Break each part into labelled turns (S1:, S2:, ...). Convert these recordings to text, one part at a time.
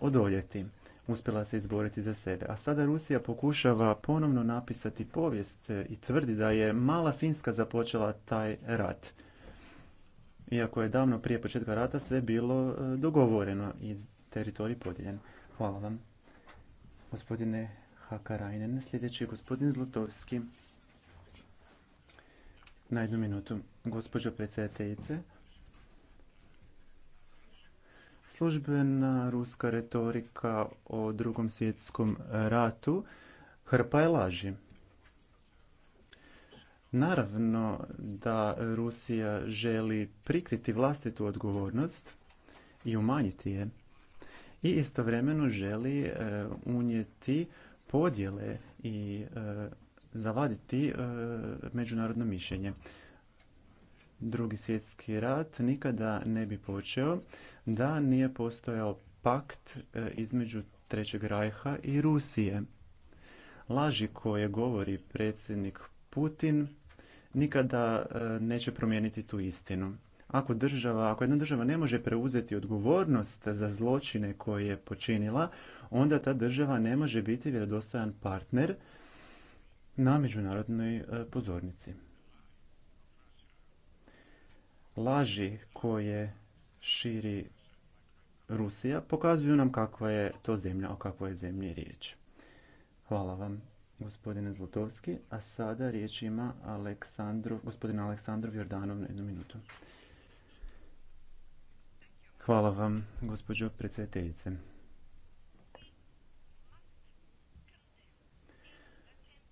S1: odoljeti. Uspjela se izboriti za sebe. A sada Rusija pokušava ponovno napisati povijest e, i tvrdi da je mala Finska započela taj rat. Iako je davno prije početka rata sve bilo e, dogovoreno i teritorij podijeljen. Hvala vam. Gospodine Hakarajnen, sljedeći je gospodin Zlotovski. Na jednu minutu. Gospođo predsjedateljice, Službena ruska retorika o drugom svjetskom ratu hrpa je laži. Naravno da Rusija želi prikriti vlastitu odgovornost i umanjiti je. I istovremeno želi e, unijeti podjele i e, zavaditi e, međunarodno mišljenje drugi svjetski rat nikada ne bi počeo da nije postojao pakt e, između Trećeg rajha i Rusije. Laži koje govori predsjednik Putin nikada e, neće promijeniti tu istinu. Ako, država, ako jedna država ne može preuzeti odgovornost za zločine koje je počinila, onda ta država ne može biti vjerodostojan partner na međunarodnoj e, pozornici laži koje širi Rusija pokazuju nam kakva je to zemlja, o kakvoj je zemlji riječ. Hvala vam, gospodine Zlotovski. A sada riječ ima Aleksandru, gospodin Aleksandrov Jordanov na jednu minutu. Hvala vam, gospođo predsjedateljice.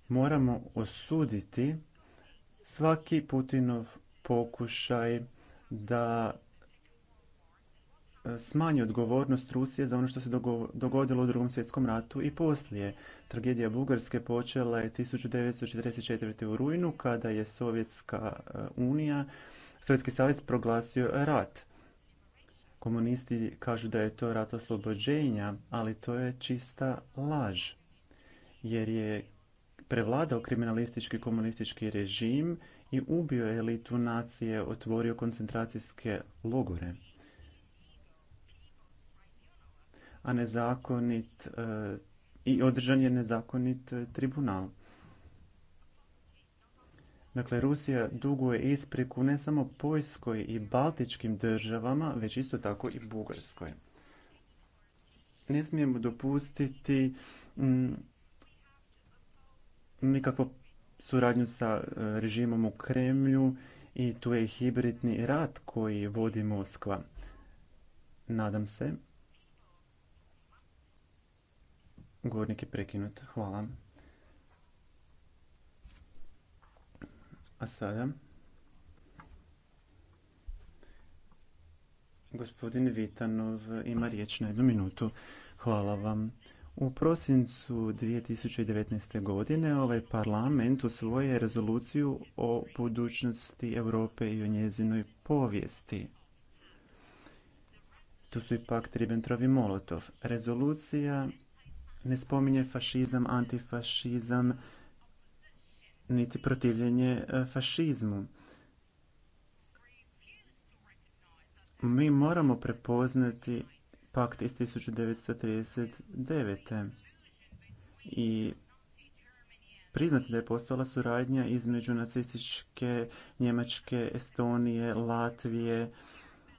S1: Moramo osuditi svaki Putinov pokušaj da smanji odgovornost Rusije za ono što se dogodilo u drugom svjetskom ratu i poslije. Tragedija Bugarske počela je 1944. u rujnu kada je Sovjetska e, unija, Sovjetski savez proglasio rat. Komunisti kažu da je to rat oslobođenja, ali to je čista laž jer je prevladao kriminalistički komunistički režim i ubio elitu nacije, otvorio koncentracijske logore. A nezakonit e, i održan je nezakonit e, tribunal. Dakle, Rusija duguje ispriku ne samo Poljskoj i Baltičkim državama, već isto tako i Bugarskoj. Ne smijemo dopustiti mm, nikakvo suradnju sa e, režimom u Kremlju i tu je hibridni rat koji vodi Moskva. Nadam se. Govornik je prekinut. Hvala. A sada... Gospodin Vitanov ima riječ na jednu minutu. Hvala vam. U prosincu 2019. godine ovaj parlament usvojio je rezoluciju o budućnosti Europe i o njezinoj povijesti. Tu su i pakt i molotov Rezolucija ne spominje fašizam, antifašizam, niti protivljenje e, fašizmu. Mi moramo prepoznati pakt iz 1939. I priznati da je postala suradnja između nacističke, njemačke, Estonije, Latvije.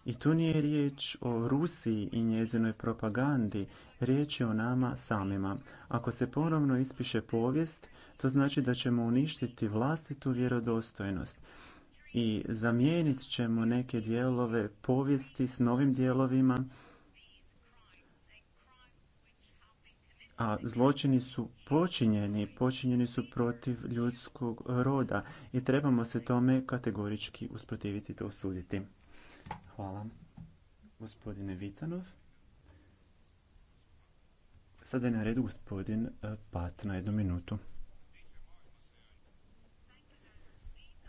S1: I tu nije riječ o Rusiji i njezinoj propagandi, riječ je o nama samima. Ako se ponovno ispiše povijest, to znači da ćemo uništiti vlastitu vjerodostojnost i zamijenit ćemo neke dijelove povijesti s novim dijelovima a zločini su počinjeni, počinjeni su protiv ljudskog roda i trebamo se tome kategorički usprotiviti to osuditi. Hvala. Gospodine Vitanov. Sada je na redu gospodin e, Pat na jednu minutu.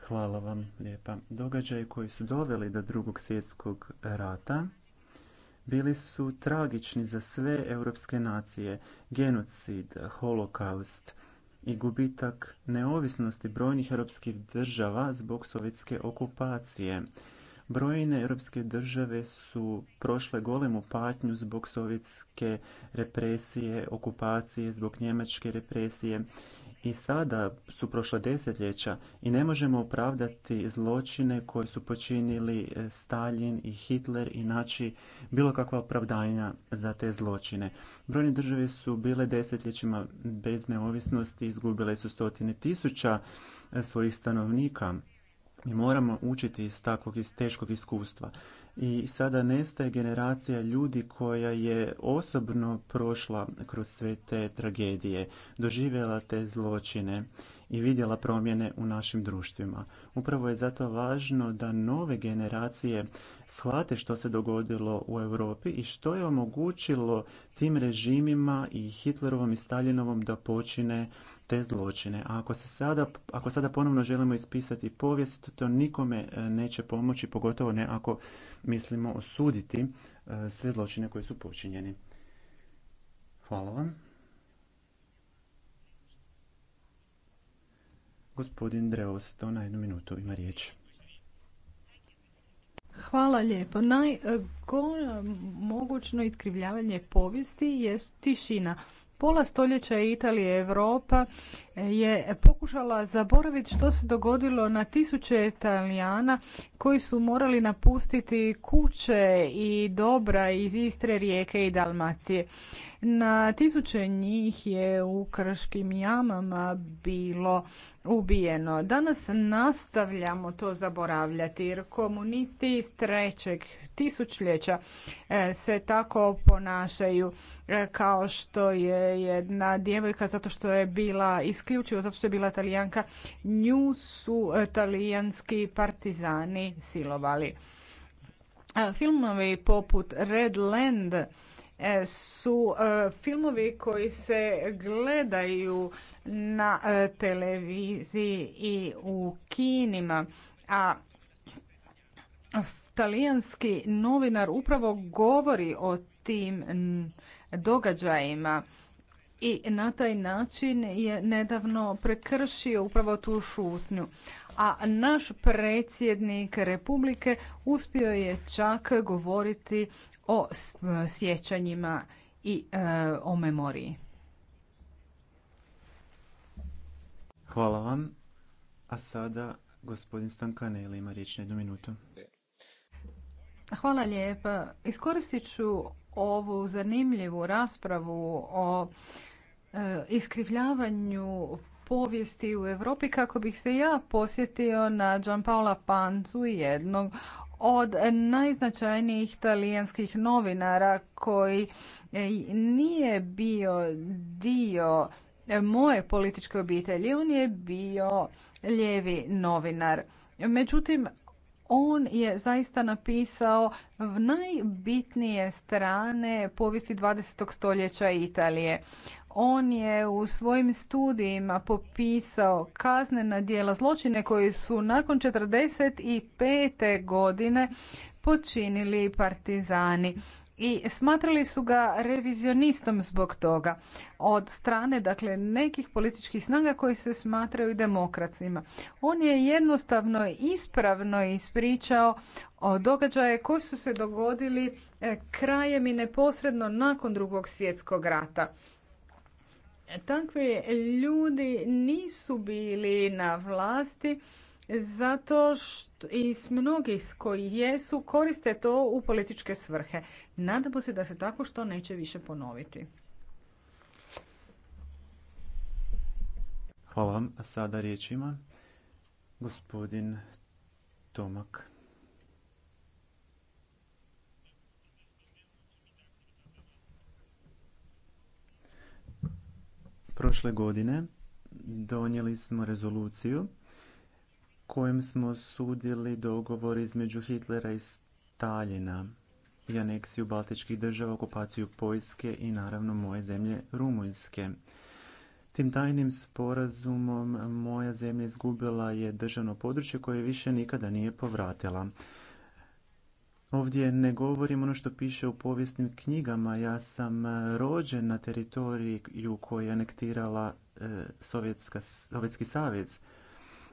S1: Hvala vam lijepa. Događaje koji su doveli do drugog svjetskog rata bili su tragični za sve europske nacije. Genocid, holokaust i gubitak neovisnosti brojnih europskih država zbog sovjetske okupacije. Brojne europske države su prošle golemu patnju zbog sovjetske represije, okupacije, zbog njemačke represije i sada su prošla desetljeća i ne možemo opravdati zločine koje su počinili e, Stalin i Hitler i naći bilo kakva opravdanja za te zločine. Brojne države su bile desetljećima bez neovisnosti, izgubile su stotine tisuća e, svojih stanovnika. i moramo učiti iz takvog teškog iskustva i sada nestaje generacija ljudi koja je osobno prošla kroz sve te tragedije, doživjela te zločine i vidjela promjene u našim društvima. Upravo je zato važno da nove generacije shvate što se dogodilo u Europi i što je omogućilo tim režimima i Hitlerovom i Stalinovom da počine te zločine. A ako, se sada, ako sada ponovno želimo ispisati povijest, to nikome e, neće pomoći, pogotovo ne ako mislimo osuditi e, sve zločine koji su počinjeni. Hvala vam. Gospodin to na jednu minutu ima riječ.
S2: Hvala lijepo. Najgore mogućno iskrivljavanje povijesti je tišina. Pola stoljeća je Italija Europa je pokušala zaboraviti što se dogodilo na tisuće Italijana koji su morali napustiti kuće i dobra iz Istre, Rijeke i Dalmacije. Na tisuće njih je u krškim jamama bilo ubijeno. Danas nastavljamo to zaboravljati jer komunisti iz trećeg tisućljeća e, se tako ponašaju e, kao što je jedna djevojka zato što je bila iz isključivo zato što je bila talijanka, nju su e, talijanski partizani silovali. E, filmovi poput Red Land e, su filmovi koji se gledaju na televiziji i u kinima, a talijanski novinar upravo govori o tim događajima i na taj način je nedavno prekršio upravo tu šutnju. A naš predsjednik Republike uspio je čak govoriti o sjećanjima i e, o memoriji.
S1: Hvala vam. A sada gospodin Stankaneli ima riječ na jednu minutu.
S2: Hvala lijepa. Iskoristit ću ovu zanimljivu raspravu o E, iskrivljavanju povijesti u Europi kako bih se ja posjetio na Paola Pancu, jednog od najznačajnijih talijanskih novinara koji e, nije bio dio moje političke obitelji, on je bio lijevi novinar. Međutim, on je zaista napisao najbitnije strane povijesti 20. stoljeća Italije on je u svojim studijima popisao kaznena djela zločine koje su nakon 45. godine počinili partizani i smatrali su ga revizionistom zbog toga od strane dakle nekih političkih snaga koji se smatraju demokracima. On je jednostavno ispravno ispričao o događaje koji su se dogodili eh, krajem i neposredno nakon drugog svjetskog rata. Takvi ljudi nisu bili na vlasti zato što i s mnogih koji jesu koriste to u političke svrhe. Nadamo se da se tako što neće više ponoviti.
S1: Hvala vam. A sada riječ ima gospodin Tomak. Prošle godine donijeli smo rezoluciju kojom smo sudili dogovor između Hitlera i Staljina i aneksiju baltičkih država, okupaciju Poljske i naravno moje zemlje Rumunjske. Tim tajnim sporazumom moja zemlja izgubila je državno područje koje više nikada nije povratila. Ovdje ne govorim ono što piše u povijesnim knjigama. Ja sam e, rođen na teritoriju koju je anektirala e, Sovjetska, Sovjetski savez.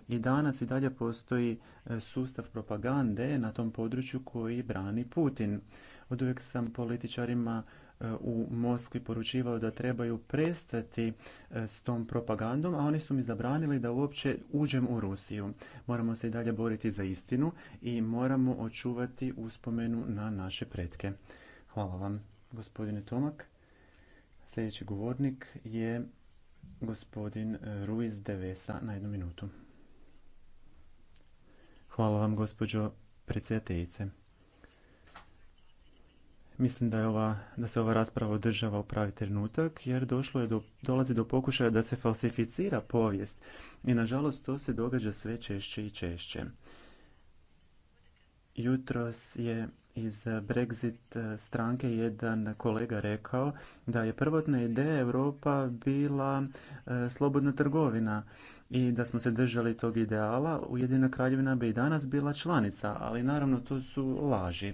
S1: I danas i dalje postoji e, sustav propagande na tom području koji brani Putin. Od uvijek sam političarima E, u Moskvi poručivao da trebaju prestati e, s tom propagandom, a oni su mi zabranili da uopće uđem u Rusiju. Moramo se i dalje boriti za istinu i moramo očuvati uspomenu na naše pretke. Hvala vam, gospodine Tomak. Sljedeći govornik je gospodin Ruiz Devesa na jednu minutu. Hvala vam, gospođo predsjedateljice. Mislim da, je ova, da se ova rasprava održava u pravi trenutak jer došlo je do, dolazi do pokušaja da se falsificira povijest i nažalost to se događa sve češće i češće. Jutros je iz Brexit e, stranke jedan kolega rekao da je prvotna ideja Europa bila e, slobodna trgovina i da smo se držali tog ideala, Ujedina kraljevina bi i danas bila članica, ali naravno to su laži.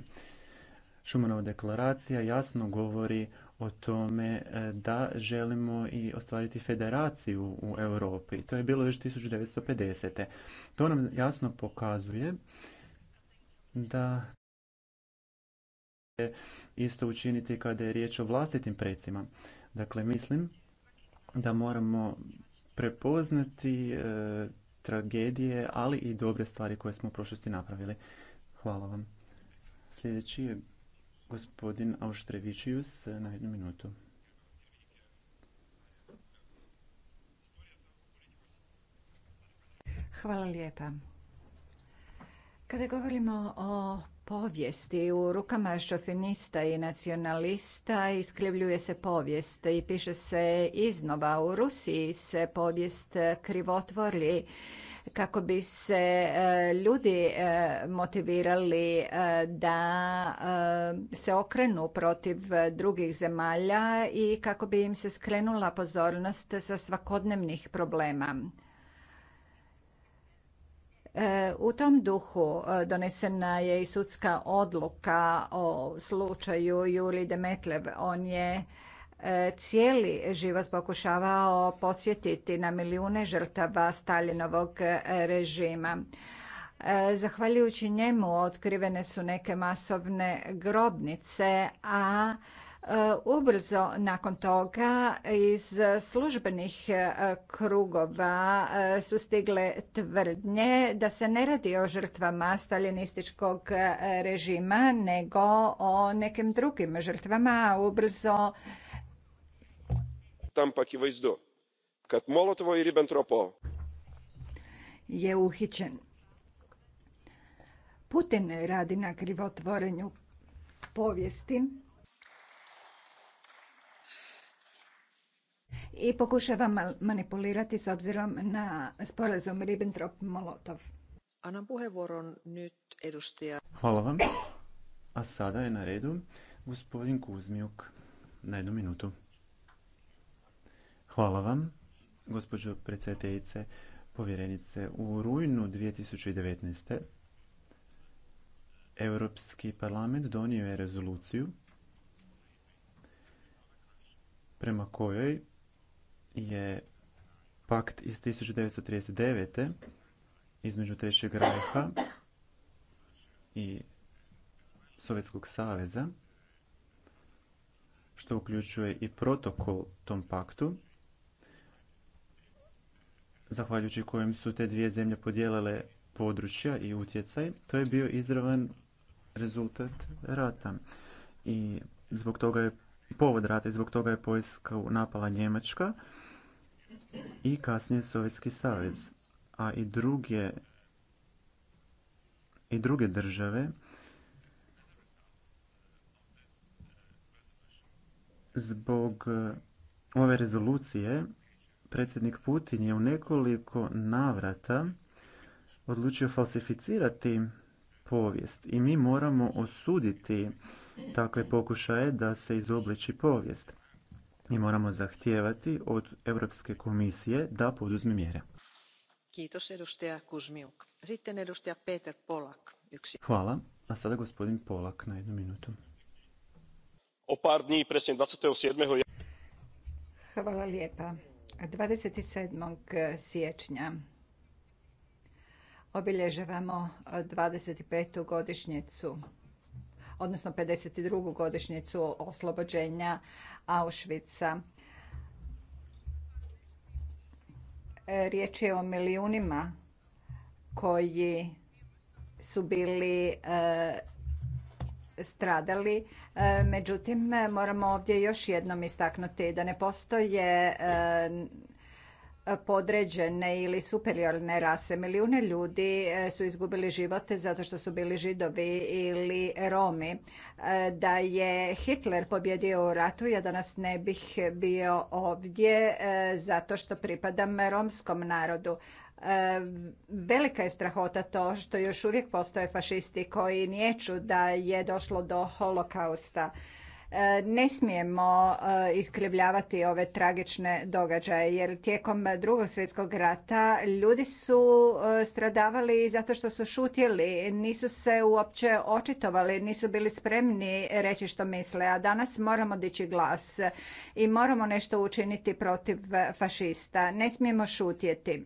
S1: Šumanova deklaracija jasno govori o tome e, da želimo i ostvariti federaciju u Europi. To je bilo još 1950. To nam jasno pokazuje da isto učiniti kada je riječ o vlastitim precima. Dakle, mislim da moramo prepoznati e, tragedije, ali i dobre stvari koje smo u prošlosti napravili. Hvala vam. Sljedeći Gospodin Auštrevičius na jednu minutu.
S3: Hvala lijepa. Kada govorimo o povijesti u rukama šofinista i nacionalista iskrivljuje se povijest i piše se iznova. U Rusiji se povijest krivotvori kako bi se e, ljudi e, motivirali e, da se okrenu protiv drugih zemalja i kako bi im se skrenula pozornost sa svakodnevnih problema. U tom duhu donesena je i sudska odluka o slučaju Juri Demetlev. On je E, cijeli život pokušavao podsjetiti na milijune žrtava Stalinovog e, režima. E, zahvaljujući njemu otkrivene su neke masovne grobnice, a Ubrzo nakon toga iz službenih krugova su stigle tvrdnje da se ne radi o žrtvama staljinističkog režima, nego o nekim drugim žrtvama. Ubrzo
S4: tampa akivaizdu kad molotovo i ribentropo
S3: je uhićen. Putin radi na krivotvorenju povijesti i pokušava manipulirati s obzirom na sporazum Ribbentrop-Molotov.
S1: Hvala vam. A sada je na redu gospodin Kuzmijuk na jednu minutu. Hvala vam, gospođo predsjedateljice povjerenice. U rujnu 2019. Europski parlament donio je rezoluciju prema kojoj je pakt iz 1939. između Trećeg rajha i Sovjetskog saveza, što uključuje i protokol tom paktu, zahvaljujući kojem su te dvije zemlje podijelile područja i utjecaj, to je bio izravan rezultat rata. I zbog toga je povod rata i zbog toga je pojska napala Njemačka i kasnije Sovjetski savez. A i druge, i druge države zbog ove rezolucije predsjednik Putin je u nekoliko navrata odlučio falsificirati povijest i mi moramo osuditi takve pokušaje da se izobliči povijest. I moramo zahtijevati od Europske komisije da poduzme mjere. Hvala. A sada gospodin Polak na jednu minutu.
S3: Hvala lijepa. 27. Eh, siječnja obilježavamo 25. Eh, godišnjicu odnosno 52. godišnjicu oslobođenja Auschwitza. Eh, riječ je o milijunima koji su bili stradali. E, međutim, moramo ovdje još jednom istaknuti da ne postoje e, podređene ili superiorne rase. Milijune ljudi e, su izgubili živote zato što su bili židovi ili romi. Da je Hitler pobjedio u ratu, ja danas ne bih bio ovdje zato što pripadam romskom narodu. E, velika je strahota to što još uvijek postoje fašisti koji niječu da je došlo do holokausta. E, ne smijemo e, iskrivljavati ove tragične događaje jer tijekom drugog svjetskog rata ljudi su stradavali zato što su šutjeli, nisu se uopće očitovali, nisu bili spremni reći što misle, a danas moramo dići glas i moramo nešto učiniti protiv fašista. Ne smijemo šutjeti.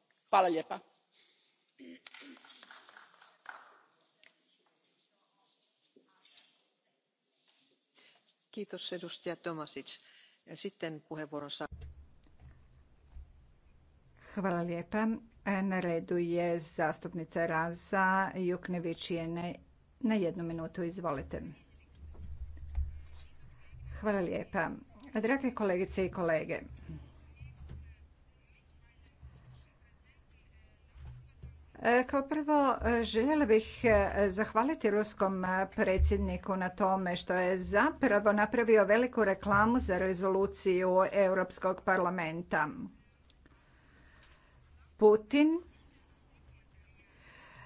S4: hvala lijepa.
S3: Hvala lijepa. Na redu je zastupnica Raza Juknevičijene. Na jednu minutu izvolite. Hvala lijepa. Drage kolegice i kolege, Kao prvo, željela bih e, zahvaliti ruskom predsjedniku na tome što je zapravo napravio veliku reklamu za rezoluciju Europskog parlamenta. Putin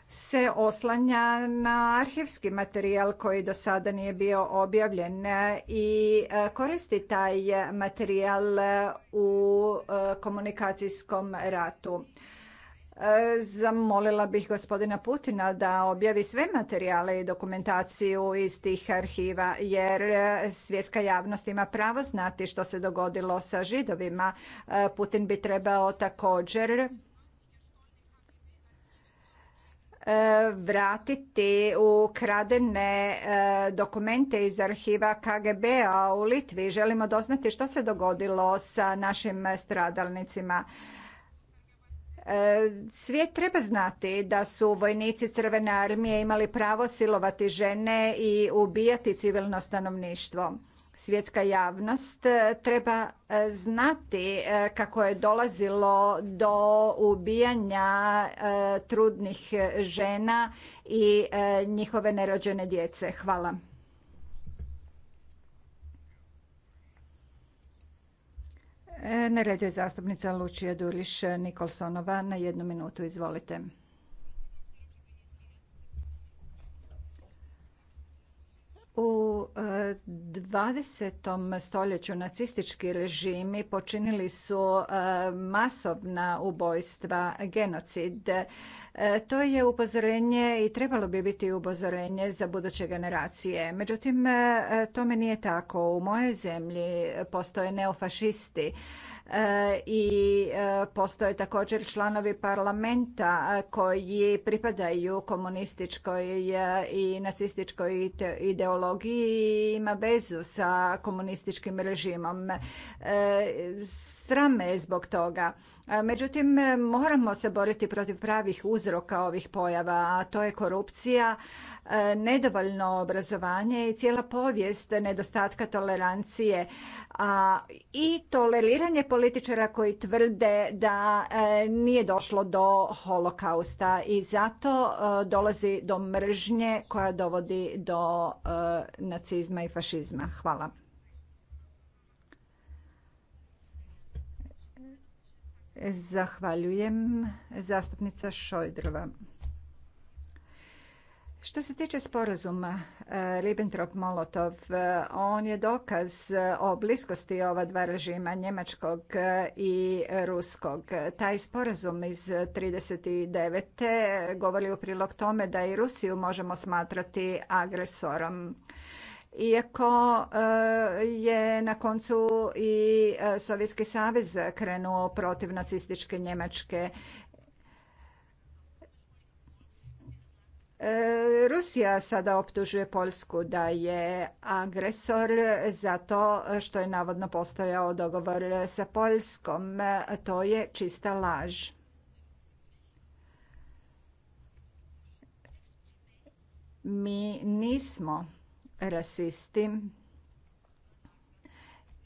S3: se oslanja na arhivski materijal koji do sada nije bio objavljen i e, koristi taj materijal u e, komunikacijskom ratu. Zamolila bih gospodina Putina da objavi sve materijale i dokumentaciju iz tih arhiva jer svjetska javnost ima pravo znati što se dogodilo sa židovima. Putin bi trebao također e, vratiti ukradene e, dokumente iz arhiva KGB-a u Litvi. Želimo doznati što se dogodilo sa našim stradalnicima. E, svijet treba znati da su vojnici Crvene armije imali pravo silovati žene i ubijati civilno stanovništvo. Svjetska javnost e, treba e, znati kako je dolazilo do ubijanja trudnih žena i njihove nerođene djece. Hvala. E, na redu je zastupnica Lučija Duriš Nikolsonova na jednu minutu. Izvolite. U 20. E, stoljeću nacistički režimi počinili su e, masovna ubojstva, genocid. E, to je upozorenje i trebalo bi biti upozorenje za buduće generacije. Međutim, tome nije tako. U moje zemlji postoje neofašisti E, i e, postoje također članovi parlamenta e, koji pripadaju komunističkoj i nacističkoj ideologiji i ima vezu sa komunističkim režimom. Srame zbog toga. Međutim, moramo se boriti protiv pravih uzroka ovih pojava, a to je korupcija, nedovoljno obrazovanje i cijela povijest nedostatka tolerancije a i toleriranje političara koji tvrde da e, nije došlo do holokausta i zato e, dolazi do mržnje koja dovodi do e, nacizma i fašizma. Hvala. Zahvaljujem. Zastupnica Šojdrova. Što se tiče sporazuma eh, Ribbentrop-Molotov, eh, on je dokaz eh, o bliskosti ova dva režima, njemačkog i ruskog. Taj sporazum iz 1939. govori u prilog tome da i Rusiju možemo smatrati agresorom. Iako je na koncu i Sovjetski savez krenuo protiv nacističke Njemačke, E, Rusija sada optužuje Poljsku da je agresor za to što je navodno postojao dogovor sa Poljskom. To je čista laž. Mi nismo rasisti.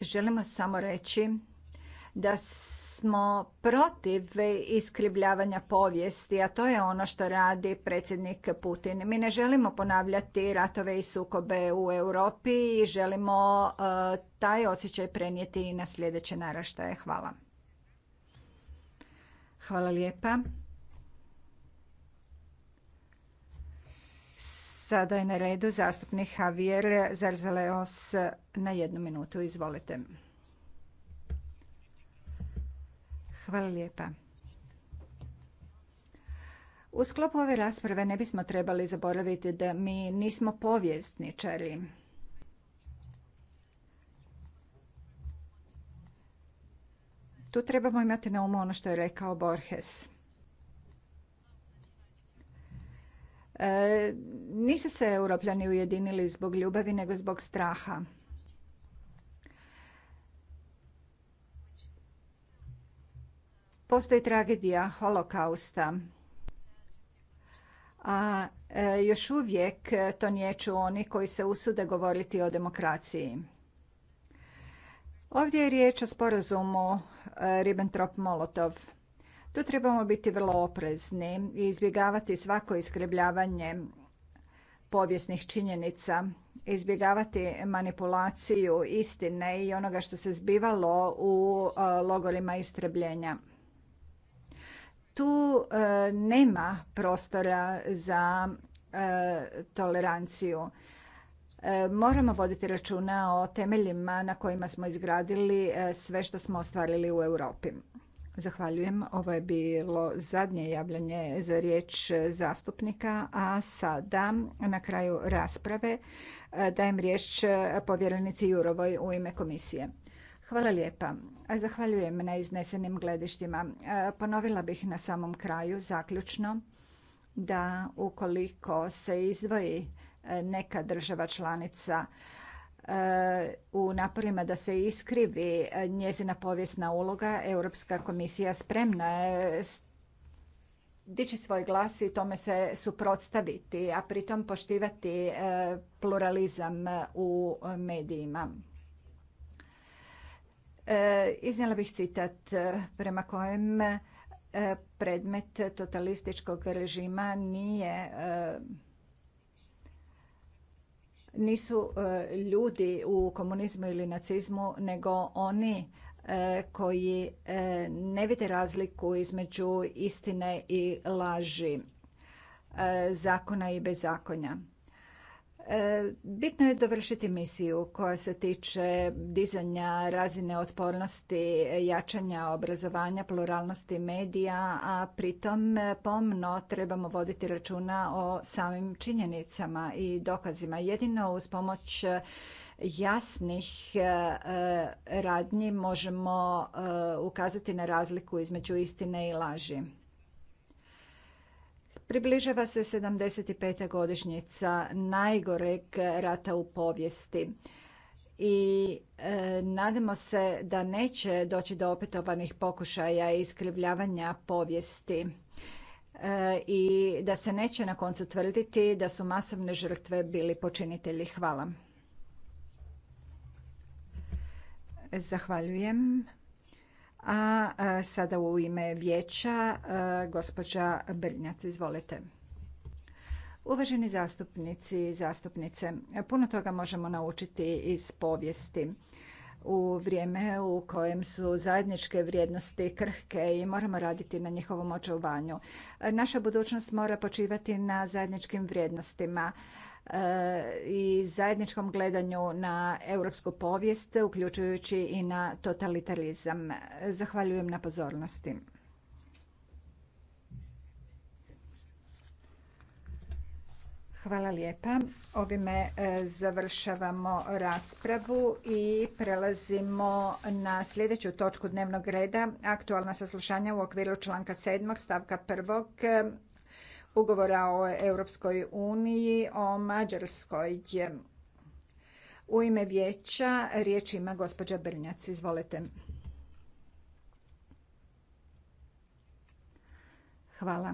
S3: Želimo samo reći da smo protiv iskrivljavanja povijesti, a to je ono što radi predsjednik Putin. Mi ne želimo ponavljati ratove i sukobe u Europi i želimo e, taj osjećaj prenijeti i na sljedeće naraštaje. Hvala. Hvala lijepa. Sada je na redu zastupnik Javier Zarzaleos na jednu minutu. Izvolite. Hvala lijepa. U sklopu ove rasprave ne bismo trebali zaboraviti da mi nismo povijesničari. Tu trebamo imati na umu ono što je rekao Borges. E, nisu se europljani ujedinili zbog ljubavi, nego zbog straha. Postoji tragedija holokausta, a e, još uvijek to niječu oni koji se usude govoriti o demokraciji. Ovdje je riječ o sporazumu e, Ribbentrop-Molotov. Tu trebamo biti vrlo oprezni i izbjegavati svako iskrebljavanje povijesnih činjenica, izbjegavati manipulaciju istine i onoga što se zbivalo u e, logorima istrebljenja tu e, nema prostora za e, toleranciju. E, moramo voditi računa o temeljima na kojima smo izgradili sve što smo ostvarili u Europi. Zahvaljujem. Ovo je bilo zadnje javljanje za riječ zastupnika, a sada na kraju rasprave dajem riječ povjerenici Jurovoj u ime komisije. Hvala lijepa. Zahvaljujem na iznesenim gledištima. E, ponovila bih na samom kraju zaključno da ukoliko se izdvoji e, neka država članica e, u naporima da se iskrivi njezina povijesna uloga, Europska komisija spremna je dići svoj glas i tome se suprotstaviti, a pritom poštivati pluralizam u medijima. E, iznijela bih citat e, prema kojem e, predmet totalističkog režima nije nisu ljudi u komunizmu ili nacizmu nego oni koji ne vide razliku između istine i laži, zakona i bezakonja. Bitno je dovršiti misiju koja se tiče dizanja razine otpornosti, jačanja obrazovanja, pluralnosti medija, a pritom pomno trebamo voditi računa o samim činjenicama i dokazima. Jedino uz pomoć jasnih e, radnji možemo e, ukazati na razliku između istine i laži. Približava se 75. godišnjica najgoreg rata u povijesti i e, nadamo se da neće doći do opetovanih pokušaja iskrivljavanja povijesti e, i da se neće na koncu tvrditi da su masovne žrtve bili počinitelji. Hvala. Zahvaljujem. A sada u ime vijeća gospođa Brnjac, izvolite. Uvaženi zastupnici i zastupnice, puno toga možemo naučiti iz povijesti u vrijeme u kojem su zajedničke vrijednosti krhke i moramo raditi na njihovom očuvanju. Naša budućnost mora počivati na zajedničkim vrijednostima i zajedničkom gledanju na europsku povijest, uključujući i na totalitarizam. Zahvaljujem na pozornosti. Hvala lijepa. Ovime e, završavamo raspravu i prelazimo na sljedeću točku dnevnog reda. Aktualna saslušanja u okviru članka 7. stavka 1 ugovora o Europskoj uniji o Mađarskoj. U ime vijeća riječ ima gospođa Brnjac. Izvolite. Hvala.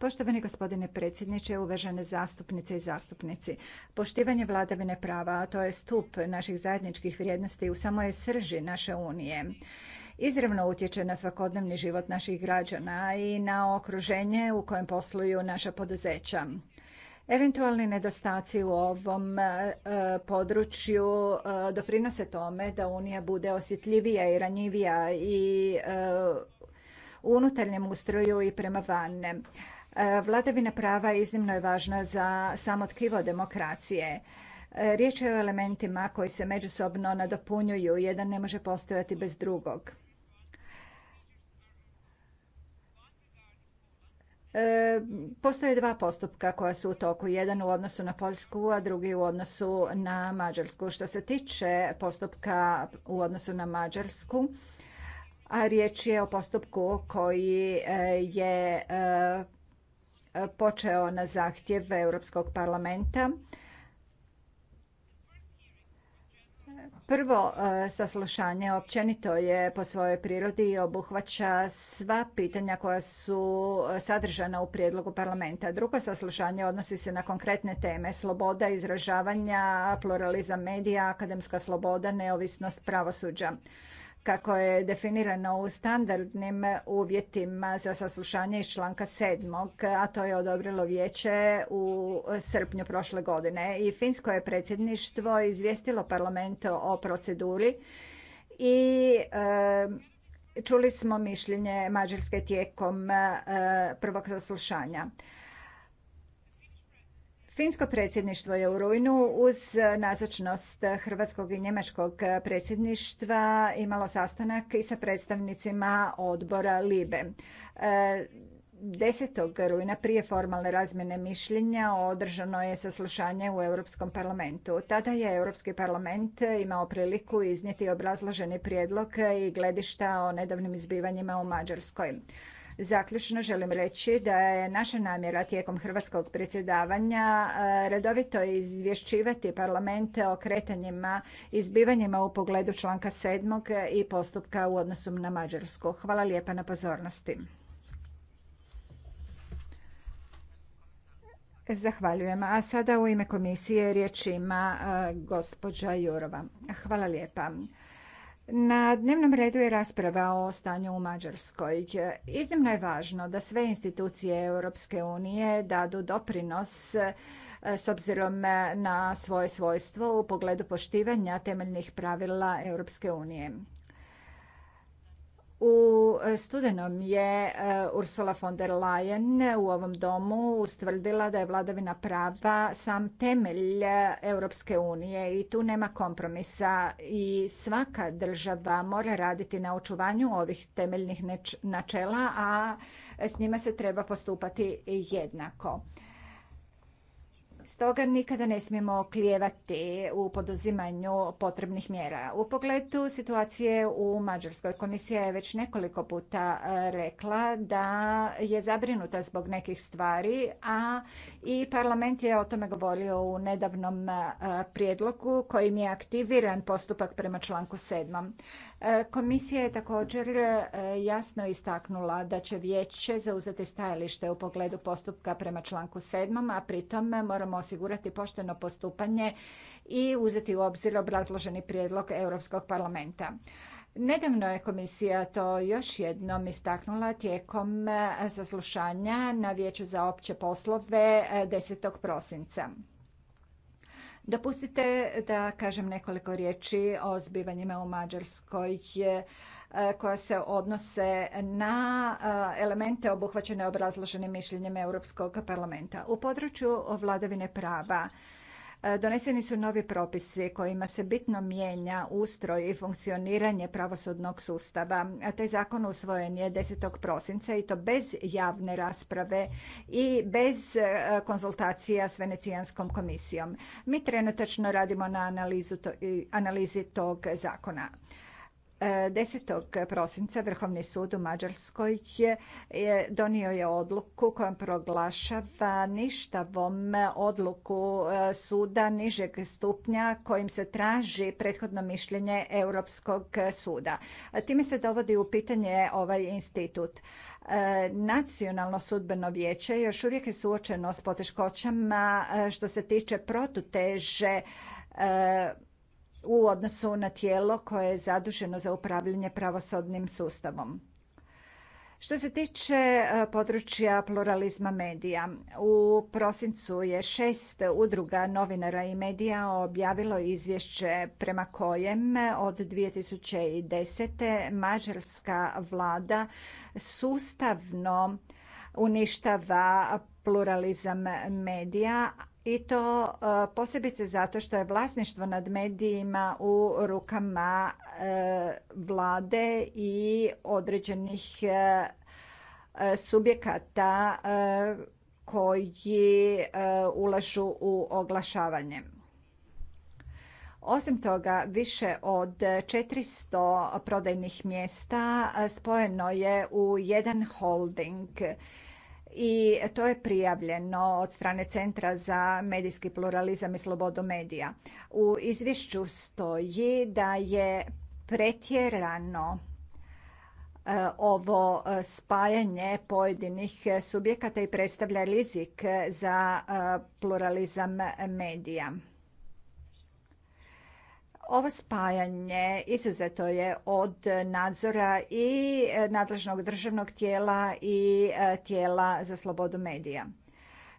S3: Poštovani gospodine predsjedniče, uvažene zastupnice i zastupnici, poštivanje vladavine prava, a to je stup naših zajedničkih vrijednosti u samoj srži naše unije izravno utječe na svakodnevni život naših građana i na okruženje u kojem posluju naša poduzeća. Eventualni nedostaci u ovom e, području e, doprinose tome da Unija bude osjetljivija i ranjivija i e, u unutarnjem ustroju i prema vanne. Vladavina prava iznimno je važna za samotkivo demokracije. Riječ je o elementima koji se međusobno nadopunjuju, jedan ne može postojati bez drugog. E, postoje dva postupka koja su u toku, jedan u odnosu na Poljsku, a drugi u odnosu na Mađarsku. Što se tiče postupka u odnosu na Mađarsku, a riječ je o postupku koji e, je e, počeo na zahtjev Europskog parlamenta Prvo e, saslušanje općenito je po svojoj prirodi i obuhvaća sva pitanja koja su sadržana u prijedlogu parlamenta. Drugo saslušanje odnosi se na konkretne teme, sloboda izražavanja, pluralizam medija, akademska sloboda, neovisnost pravosuđa kako je definirano u standardnim uvjetima za saslušanje iz članka 7. a to je odobrilo vijeće u srpnju prošle godine. I Finsko je predsjedništvo izvijestilo parlament o proceduri i čuli smo mišljenje Mađarske tijekom prvog saslušanja. Finsko predsjedništvo je u rujnu uz nazočnost hrvatskog i njemačkog predsjedništva imalo sastanak i sa predstavnicima odbora LIBE. 10. E, rujna prije formalne razmjene mišljenja održano je saslušanje u Europskom parlamentu. Tada je Europski parlament imao priliku iznijeti obrazloženi prijedlog i gledišta o nedavnim izbivanjima u Mađarskoj. Zaključno želim reći da je naša namjera tijekom hrvatskog predsjedavanja e, redovito izvješćivati parlamente o kretanjima i zbivanjima u pogledu članka 7. i postupka u odnosu na Mađarsku. Hvala lijepa na pozornosti. Zahvaljujem. A sada u ime komisije riječ ima e, gospođa Jurova. Hvala lijepa. Na dnevnom redu je rasprava o stanju u Mađarskoj. Iznimno je važno da sve institucije Europske unije dadu doprinos e, s obzirom na svoje svojstvo u pogledu poštivanja temeljnih pravila Europske unije. U e, studenom je e, Ursula von der Leyen u ovom domu ustvrdila da je vladavina prava sam temelj e, Europske unije i tu nema kompromisa i svaka država mora raditi na očuvanju ovih temeljnih načela, a s njima se treba postupati jednako. Stoga nikada ne smijemo klijevati u poduzimanju potrebnih mjera. U pogledu situacije u Mađarskoj komisija je već nekoliko puta e, rekla da je zabrinuta zbog nekih stvari, a i parlament je o tome govorio u nedavnom e, prijedlogu kojim je aktiviran postupak prema članku 7. E, komisija je također jasno istaknula da će vijeće zauzeti stajalište u pogledu postupka prema članku 7, a pritom moramo osigurati pošteno postupanje i uzeti u obzir obrazloženi prijedlog Europskog parlamenta. Nedavno je komisija to još jednom istaknula tijekom eh, saslušanja na Vijeću za opće poslove 10. Eh, prosinca. Dopustite da kažem nekoliko riječi o zbivanjima u Mađarskoj eh, E, koja se odnose na e, elemente obuhvaćene obrazloženim mišljenjem Europskog parlamenta. U području vladavine prava e, doneseni su novi propisi kojima se bitno mijenja ustroj i funkcioniranje pravosudnog sustava. Taj zakon usvojen je 10. prosinca i to bez javne rasprave i bez konzultacija s Venecijanskom komisijom. Mi trenutačno radimo na analizi tog zakona. 10. prosinca Vrhovni sud u Mađarskoj je donio je odluku kojom proglašava ništavom odluku e, suda nižeg stupnja kojim se traži prethodno mišljenje Europskog suda. Time se dovodi u pitanje ovaj institut. E, Nacionalno sudbeno vijeće još uvijek je suočeno s poteškoćama e, što se tiče protuteže u odnosu na tijelo koje je zaduženo za upravljanje pravosodnim sustavom. Što se tiče e, područja pluralizma medija, u prosincu je šest udruga novinara i medija objavilo izvješće prema kojem od 2010. mađarska vlada sustavno uništava pluralizam medija, i to e, posebice zato što je vlasništvo nad medijima u rukama e, vlade i određenih e, subjekata koji ulažu u oglašavanje. Osim toga, više od 400 prodajnih mjesta spojeno je u jedan holding – i to je prijavljeno od strane Centra za medijski pluralizam i slobodu medija. U izvišću stoji da je pretjerano e, ovo e, spajanje pojedinih subjekata i predstavlja rizik za e, pluralizam medija. Ovo spajanje izuzeto je od nadzora i e, nadležnog državnog tijela i e, tijela za slobodu medija.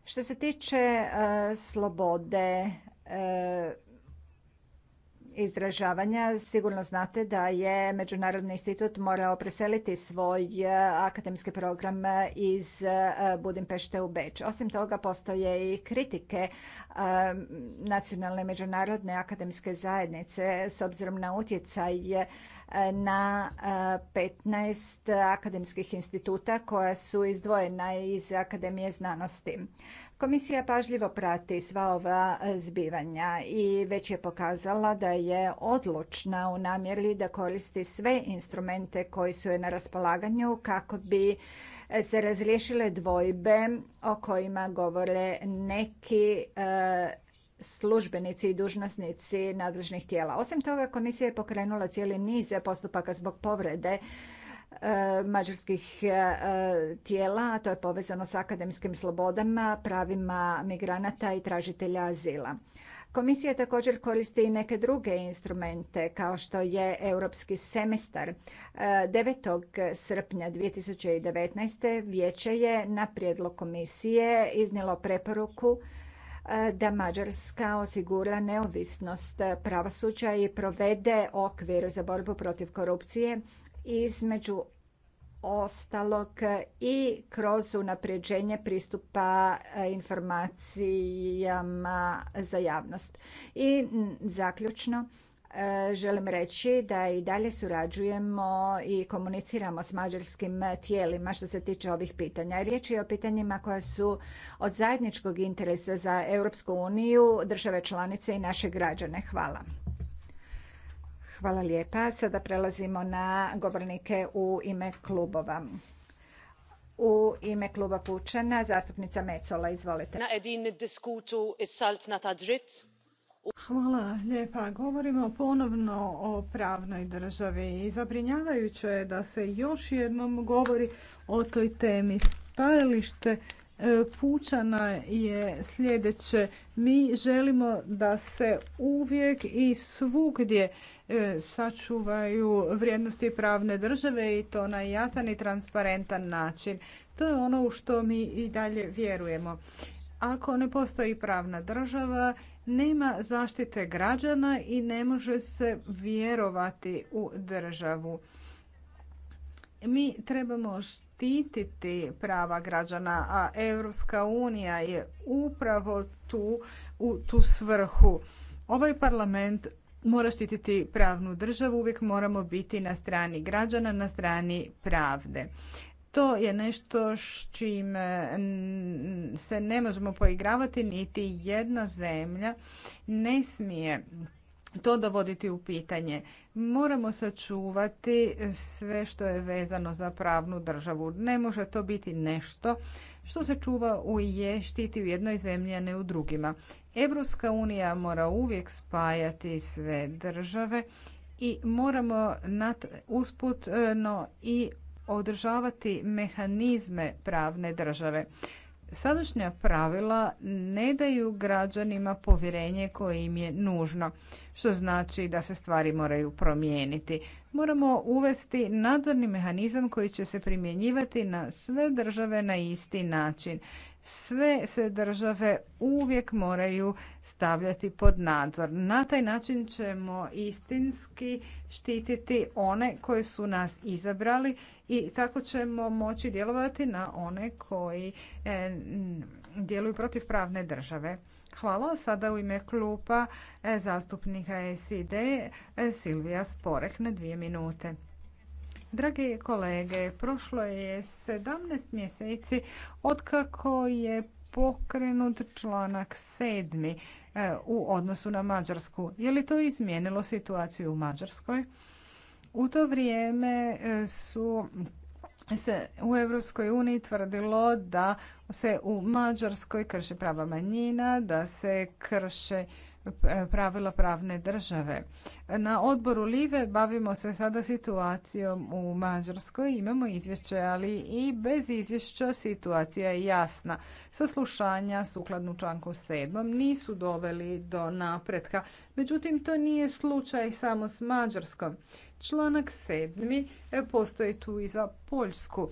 S3: Što se tiče e, slobode izražavanja. Sigurno znate da je Međunarodni institut morao preseliti svoj e, akademski program e, iz e, Budimpešte u Beč. Osim toga postoje i kritike nacionalne međunarodne akademske zajednice s obzirom na utjecaj na 15 eh, akademskih instituta koja su izdvojena iz Akademije znanosti. Komisija pažljivo prati sva ova eh, zbivanja i već je pokazala da je odlučna u namjeri da koristi sve instrumente koji su je na raspolaganju kako bi eh, se razriješile dvojbe o kojima govore neki službenici i dužnosnici nadležnih tijela. Osim toga, komisija je pokrenula cijeli niz postupaka zbog povrede e, mađarskih e, tijela, a to je povezano s akademskim slobodama, pravima migranata i tražitelja azila. Komisija također koristi i neke druge instrumente kao što je europski semestar. 9. E, srpnja 2019. vijeće je na prijedlog komisije iznijelo preporuku E, da Mađarska osigura neovisnost pravosuđa i provede okvir za borbu protiv korupcije između ostalog i kroz unapređenje pristupa e, informacijama za javnost. I zaključno, Želim reći da i dalje surađujemo i komuniciramo s mađarskim tijelima što se tiče ovih pitanja. Riječ je o pitanjima koja su od zajedničkog interesa za Europsku uniju, države članice i naše građane. Hvala. Hvala lijepa. Sada prelazimo na govornike u ime klubova. U ime kluba Pučana, zastupnica Mecola, izvolite. Na edin diskutu iz
S2: Hvala lijepa. Govorimo ponovno o pravnoj državi i zabrinjavajuće je da se još jednom govori o toj temi. Stajalište e, Pučana je sljedeće. Mi želimo da se uvijek i svugdje e, sačuvaju vrijednosti pravne države i to na jasan i transparentan način. To je ono u što mi i dalje vjerujemo. Ako ne postoji pravna država, nema zaštite građana i ne može se vjerovati u državu. Mi trebamo štititi prava građana, a Europska unija je upravo tu u tu svrhu. Ovaj parlament mora štititi pravnu državu, uvijek moramo biti na strani građana, na strani pravde. To je nešto s čim e, se ne možemo poigravati, niti jedna zemlja ne smije to dovoditi u pitanje. Moramo sačuvati sve što je vezano za pravnu državu. Ne može to biti nešto što se čuva u je štiti u jednoj zemlji, a ne u drugima. Evropska unija mora uvijek spajati sve države i moramo usputno i održavati mehanizme pravne države. Sadašnja pravila ne daju građanima povjerenje koje im je nužno, što znači da se stvari moraju promijeniti. Moramo uvesti nadzorni mehanizam koji će se primjenjivati na sve države na isti način. Sve se države uvijek moraju stavljati pod nadzor. Na taj način ćemo istinski štititi one koje su nas izabrali i tako ćemo moći djelovati na one koji e, djeluju protiv pravne države. Hvala. Sada u ime klupa e, zastupnika SID e, Silvija Sporek na dvije minute. Drage kolege, prošlo je 17 mjeseci otkako je pokrenut članak 7. u odnosu na Mađarsku. Je li to izmijenilo situaciju u Mađarskoj? U to vrijeme e, su se u Europskoj uniji tvrdilo da se u Mađarskoj krše prava manjina, da se krše pravila pravne države. Na odboru Live bavimo se sada situacijom u Mađarskoj. Imamo izvješće, ali i bez izvješća situacija je jasna. Saslušanja sukladno članku 7. nisu doveli do napretka. Međutim, to nije slučaj samo s Mađarskom. Članak 7. E, postoji tu i za Poljsku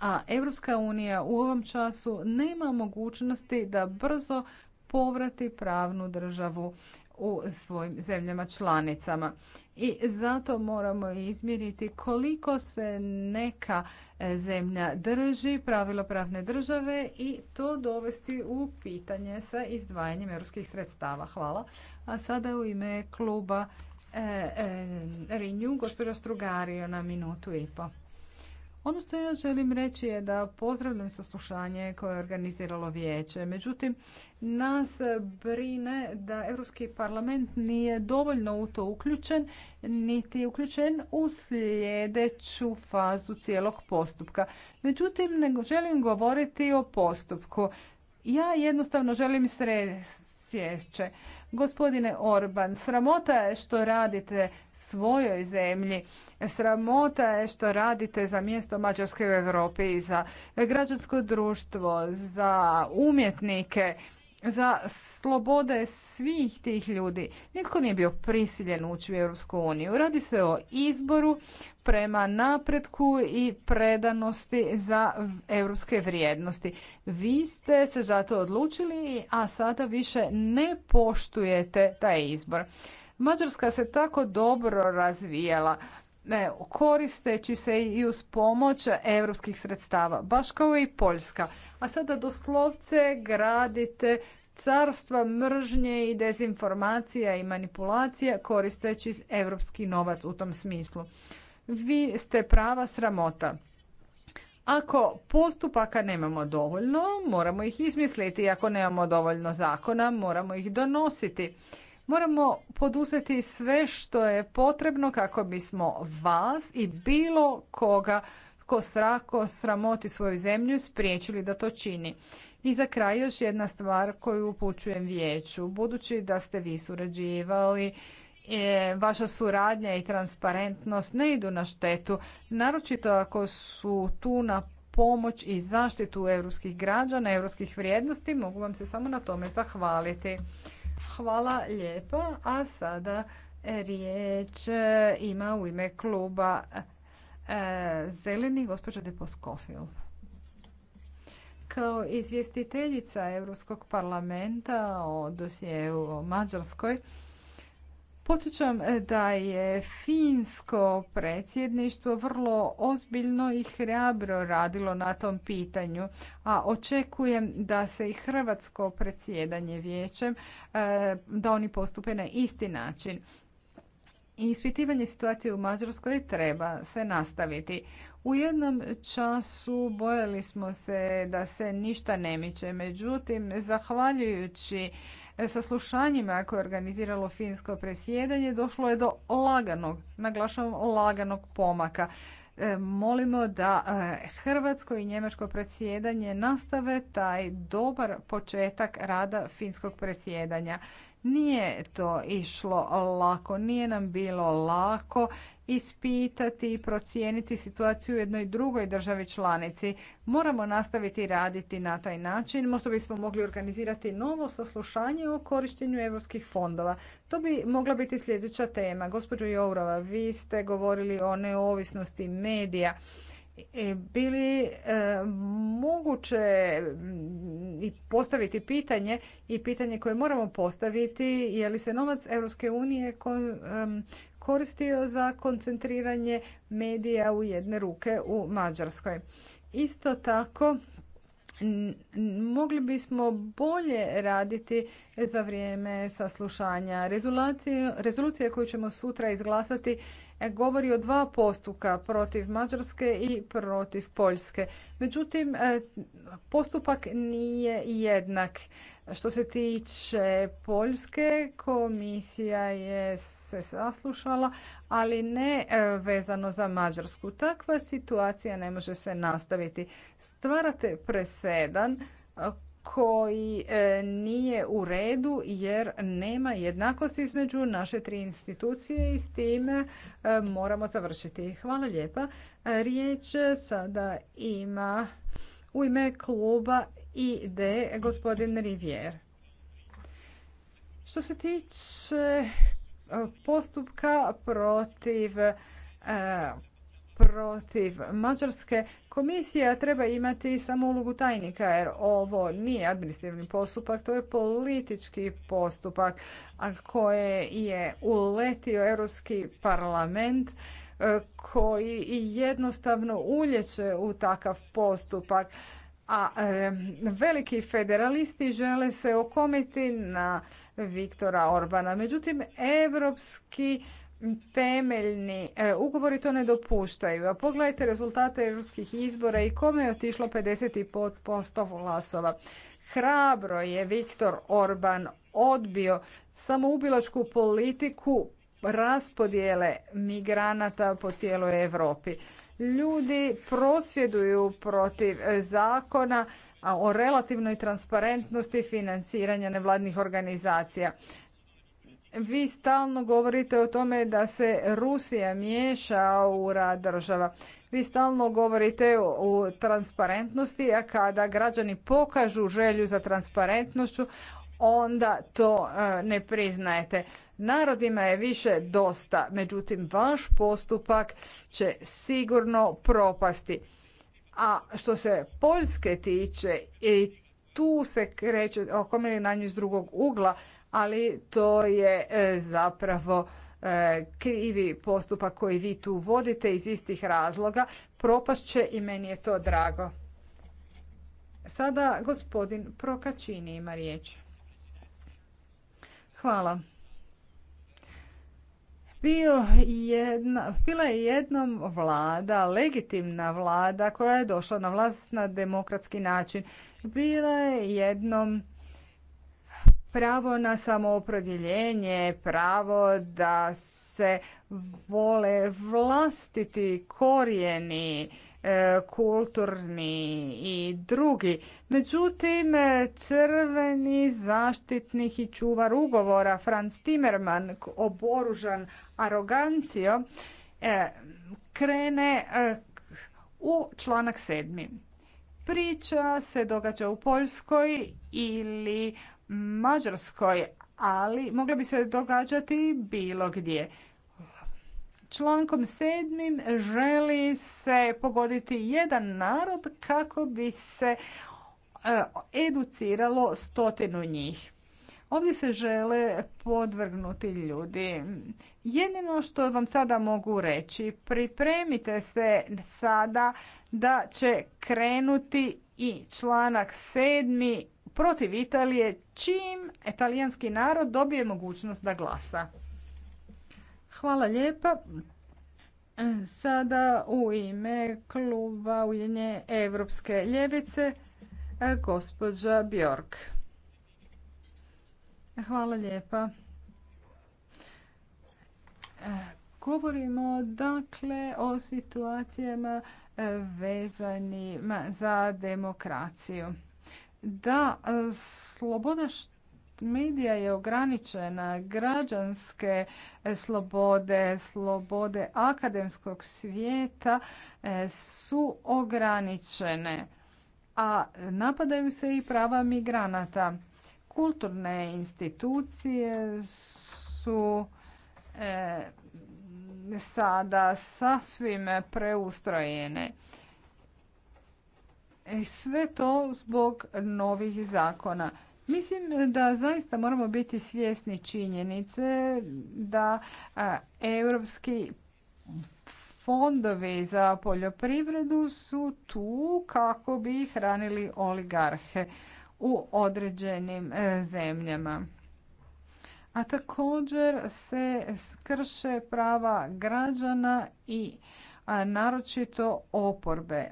S2: a Europska unija u ovom času nema mogućnosti da brzo povrati pravnu državu u svojim zemljama članicama. I zato moramo izmjeriti koliko se neka e, zemlja drži pravilo pravne države i to dovesti u pitanje sa izdvajanjem europskih sredstava. Hvala. A sada u ime kluba e, e, Strugario na minutu i po. Ono što ja želim reći je da pozdravljam saslušanje koje je organiziralo vijeće. Međutim, nas brine da Europski parlament nije dovoljno u to uključen, niti je uključen u sljedeću fazu cijelog postupka. Međutim, nego želim govoriti o postupku. Ja jednostavno želim sreće Gospodine Orban, sramota je što radite svojoj zemlji. Sramota je što radite za mjesto Mađarske u Europi i za građansko društvo, za umjetnike, za slobode svih tih ljudi. Nitko nije bio prisiljen ući u Europsku uniju. Radi se o izboru prema napretku i predanosti za europske vrijednosti. Vi ste se zato odlučili, a sada više ne poštujete taj izbor. Mađarska se tako dobro razvijala koristeći se i uz pomoć europskih sredstava, baš kao i Poljska. A sada doslovce gradite carstva mržnje i dezinformacija i manipulacija koristeći europski novac u tom smislu. Vi ste prava sramota. Ako postupaka nemamo dovoljno, moramo ih izmisliti. Ako nemamo dovoljno zakona, moramo ih donositi. Moramo poduzeti sve što je potrebno kako bismo vas i bilo koga ko sramoti svoju zemlju spriječili da to čini. I za kraj još jedna stvar koju upućujem vijeću. Budući da ste vi surađivali, e, vaša suradnja i transparentnost ne idu na štetu, naročito ako su tu na pomoć i zaštitu europskih građana, europskih vrijednosti. Mogu vam se samo na tome zahvaliti. Hvala lijepa. A sada riječ e, ima u ime kluba e, Zeleni gospođa Deposkofil kao izvjestiteljica Europskog parlamenta o dosjeu o Mađarskoj, Podsjećam da je finsko predsjedništvo vrlo ozbiljno i hrabro radilo na tom pitanju, a očekujem da se i hrvatsko predsjedanje vijećem, e, da oni postupe na isti način. Ispitivanje situacije u Mađarskoj treba se nastaviti. U jednom času bojali smo se da se ništa ne miče. Međutim, zahvaljujući saslušanjima koje je organiziralo finsko presjedanje, došlo je do laganog, naglašavam laganog pomaka. E, molimo da e, Hrvatsko i Njemačko predsjedanje nastave taj dobar početak rada finskog predsjedanja. Nije to išlo lako, nije nam bilo lako ispitati i procijeniti situaciju u jednoj drugoj državi članici. Moramo nastaviti raditi na taj način. Možda bismo mogli organizirati novo saslušanje o korištenju europskih fondova. To bi mogla biti sljedeća tema. Gospođo Jourova, vi ste govorili o neovisnosti medija E, bili e, moguće mm, i postaviti pitanje i pitanje koje moramo postaviti je li se novac Europske unije koristio za koncentriranje medija u jedne ruke u Mađarskoj. Isto tako mogli bismo bolje raditi za vrijeme saslušanja. Rezolucija koju ćemo sutra izglasati e, govori o dva postupka protiv Mađarske i protiv Poljske. Međutim, e, postupak nije jednak. Što se tiče Poljske, komisija je se saslušala, ali ne e, vezano za Mađarsku. Takva situacija ne može se nastaviti. Stvarate presedan e, koji e, nije u redu jer nema jednakosti između naše tri institucije i s time moramo završiti. Hvala lijepa. Riječ sada ima u ime kluba ID gospodin Rivier. Što se tiče postupka protiv e, protiv Mađarske. Komisija treba imati samo ulogu tajnika jer ovo nije administrativni postupak, to je politički postupak koje je uletio Europski parlament e, koji jednostavno ulječe u takav postupak a veliki federalisti žele se okomiti na Viktora Orbana. Međutim, evropski temeljni e, ugovori to ne dopuštaju. A pogledajte rezultate europskih izbora i kome je otišlo 50% glasova. Hrabro je Viktor Orban odbio samoubilačku politiku raspodjele migranata po cijeloj Europi ljudi prosvjeduju protiv e, zakona o relativnoj transparentnosti financiranja nevladnih organizacija. Vi stalno govorite o tome da se Rusija miješa u rad država. Vi stalno govorite o transparentnosti, a kada građani pokažu želju za transparentnošću, onda to e, ne priznajete. Narodima je više dosta, međutim vaš postupak će sigurno propasti. A što se Poljske tiče, i tu se kreće na nju iz drugog ugla, ali to je e, zapravo e, krivi postupak koji vi tu vodite iz istih razloga. Propast će i meni je to drago. Sada gospodin Prokačini ima riječ. Hvala bila je jednom vlada, legitimna vlada koja je došla na vlast na demokratski način. Bila je jednom pravo na samoopredjeljenje, pravo da se vole vlastiti korijeni, E, kulturni i drugi. Međutim, crveni zaštitnik i čuvar ugovora Franz Timmerman, oboružan arogancijo, e, krene e, u članak sedmi. Priča se događa u Poljskoj ili Mađarskoj, ali mogla bi se događati bilo gdje. Člankom sedmim želi se pogoditi jedan narod kako bi se e, educiralo stotinu njih. Ovdje se žele podvrgnuti ljudi. Jedino što vam sada mogu reći, pripremite se sada da će krenuti i članak sedmi protiv Italije čim italijanski narod dobije mogućnost da glasa. Hvala lijepa. Sada u ime kluba Ujedinje Evropske ljevice, gospođa Bjork. Hvala lijepa. Govorimo dakle o situacijama vezanima za demokraciju. Da, sloboda medija je ograničena, građanske e, slobode, slobode akademskog svijeta e, su ograničene, a napadaju se i prava migranata. Kulturne institucije su e, sada sasvim preustrojene. Sve to zbog novih zakona. Mislim da zaista moramo biti svjesni činjenice da europski fondovi za poljoprivredu su tu kako bi hranili oligarhe u određenim e, zemljama. A također se krše prava građana i naročito oporbe.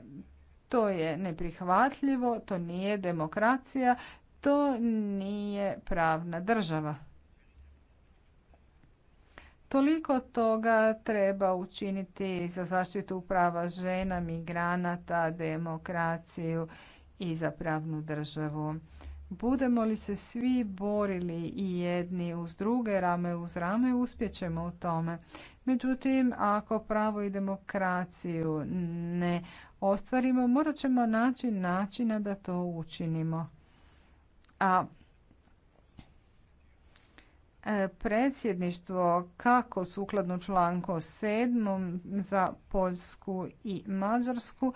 S2: To je neprihvatljivo, to nije demokracija, to nije pravna država. Toliko toga treba učiniti za zaštitu prava žena, migranata, demokraciju i za pravnu državu. Budemo li se svi borili i jedni uz druge, rame uz rame, uspjećemo u tome. Međutim, ako pravo i demokraciju ne ostvarimo, morat ćemo naći načina da to učinimo. A e, predsjedništvo kako sukladno članku 7. za Poljsku i Mađarsku